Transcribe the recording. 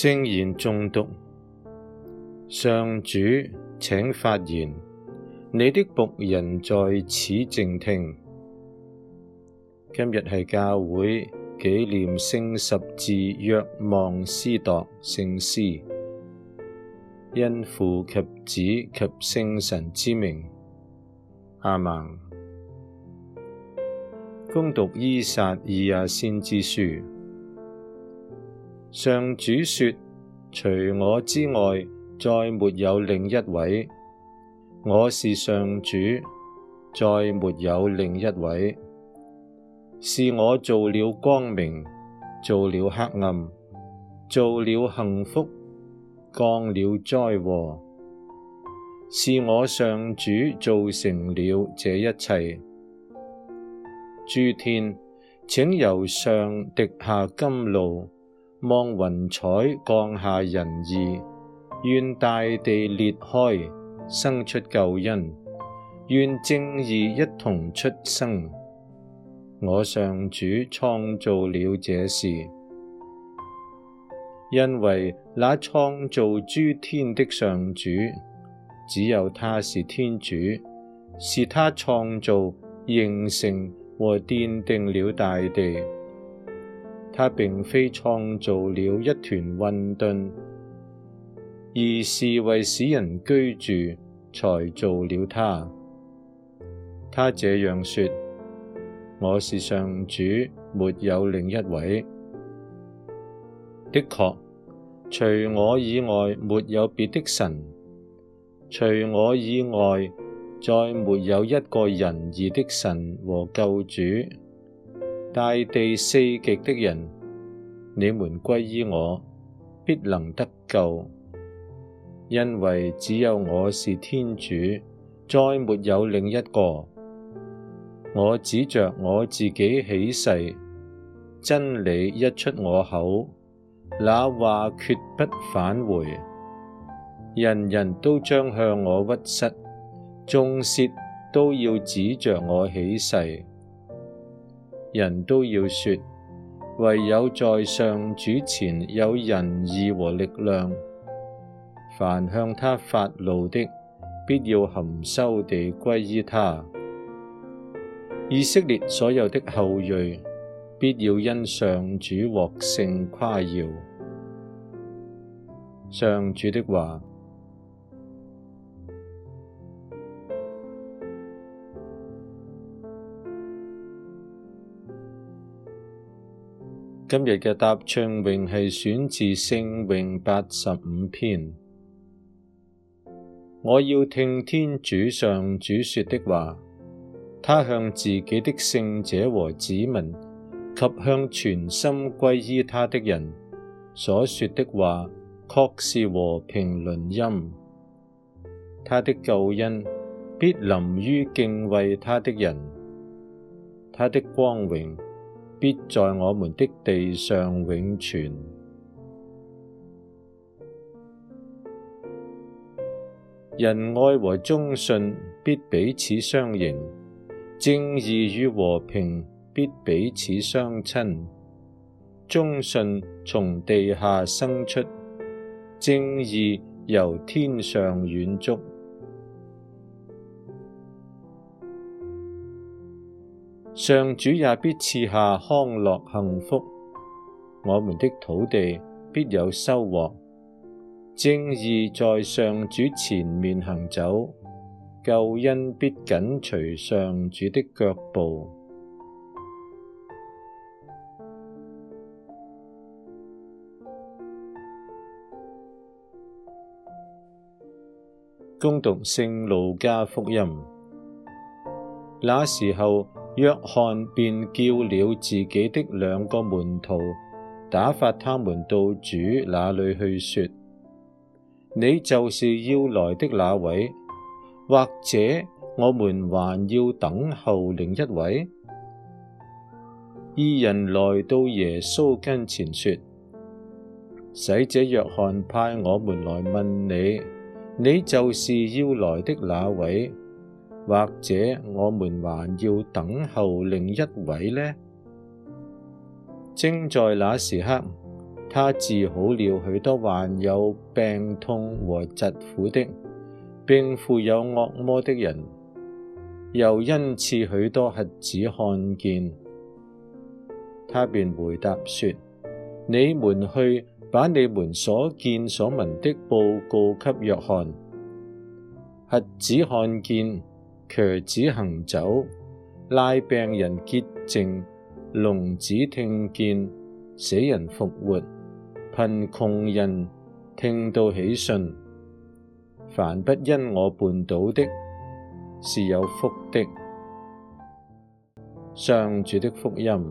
聖言誦讀，上主，請發言，你的僕人在此靜聽。今日係教會紀念聖十字若望司鐸聖師，因父及子及聖神之名，阿門。恭讀依撒意亞先知書。上主說：除我之外，再沒有另一位。我是上主，再沒有另一位。是我造了光明，造了黑暗，造了幸福，降了災禍。是我上主造成了這一切。諸天，請由上滴下甘露。望雲彩降下仁義，願大地裂開，生出救恩，願正義一同出生。我上主創造了這事，因為那創造諸天的上主，只有他是天主，是他創造、形成和奠定了大地。他並非創造了一團混沌，而是為使人居住才造了它。他這樣說：我是上主，沒有另一位。的確，除我以外，沒有別的神，除我以外，再沒有一個仁義的神和救主。大地四極的人，你們歸依我，必能得救，因為只有我是天主，再沒有另一個。我指着我自己起誓，真理一出我口，那話決不返回。人人都將向我屈膝，眾舌都要指着我起誓。人都要說，唯有在上主前有仁義和力量，凡向他發怒的，必要含羞地歸依他。以色列所有的後裔，必要因上主獲勝誇耀。上主的話。今日嘅答唱詠係選自聖詠八十五篇。我要聽天主上主說的話，他向自己的聖者和子民及向全心皈依他的人所說的話，確是和平綸音。他的救恩必臨於敬畏他的人，他的光榮。必在我們的地上永存。仁愛和忠信必彼此相迎，正義與和平必彼此相親。忠信從地下生出，正義由天上遠矚。上主也必賜下康樂幸福，我們的土地必有收穫，正義在上主前面行走，救恩必緊隨上主的腳步。恭讀聖路加福音，那時候。若翰便叫了自己的兩個門徒，打發他們到主那裏去，說：你就是要來的那位，或者我們還要等候另一位。二人來到耶穌跟前，說：洗者若翰派我們來問你，你就是要來的那位。或者我們還要等候另一位呢？正在那時刻，他治好了許多患有病痛和疾苦的，並附有惡魔的人，又恩賜許多瞎子看見。他便回答說：你們去把你們所見所聞的報告，告給若翰。瞎子看見。瘸子行走，癩病人潔淨，聾子聽見，死人復活，貧窮人聽到喜訊。凡不因我絆倒的，是有福的。上主的福音。